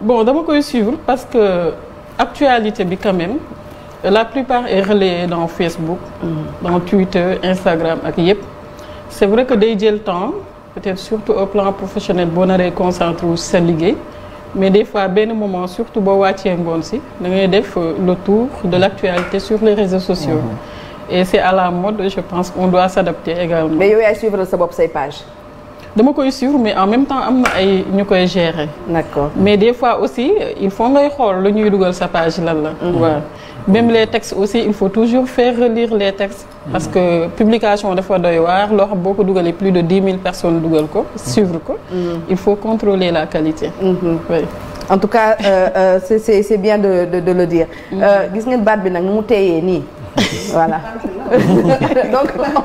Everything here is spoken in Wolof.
bon dama koy suivre parce que actualité bi quand même la plupart est relayée dans Facebook euh, dans Twitter Instagram ak yëpp c'est vrai que day jël temps peut-être surtout au plan professionnel boo naree concentré wu sa liggéey mais des fois benn moment surtout boo wàccee ngoon si da ngay def euh, le tour de l'actualité sur les réseaux sociaux mhm. et c'est à la mode je pense qu'on doit s'adapter également mais yow yaay suivre sa bop say page dama koy suivre mais en même temps am na ay ñu koy gérer. d'accord mais des fois aussi il faut ngay xool lu ñuy dugal sa page lan la. waaw mhm. même les textes aussi il faut toujours faire relire les textes. parce mhm. que publication dafa doy waar loo xam boo ko dugalee plus de dix mille personnes dugal ko suivre ko. Mhm. il faut contrôler la qualité. oui. en tout cas euh, euh, c'est bien de de de le dire. Euh, gis ngeen baat bi nag nu mu teeyee nii voilà